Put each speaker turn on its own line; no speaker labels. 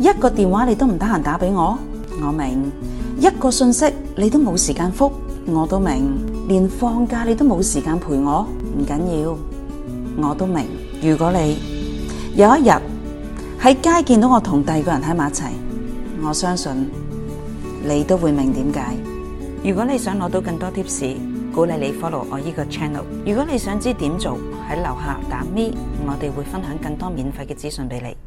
一個電話你都唔得閒打俾我，我明；一個信息你都冇時間覆，我都明；連放假你都冇時間陪我，唔緊要，我都明。如果你有一日喺街見到我同第二個人喺埋一齊，我相信你都會明點解。如果你想攞到更多 tips，鼓勵你 follow 我呢個 channel。如果你想知點做，喺樓下打 me，我哋會分享更多免費嘅資訊俾你。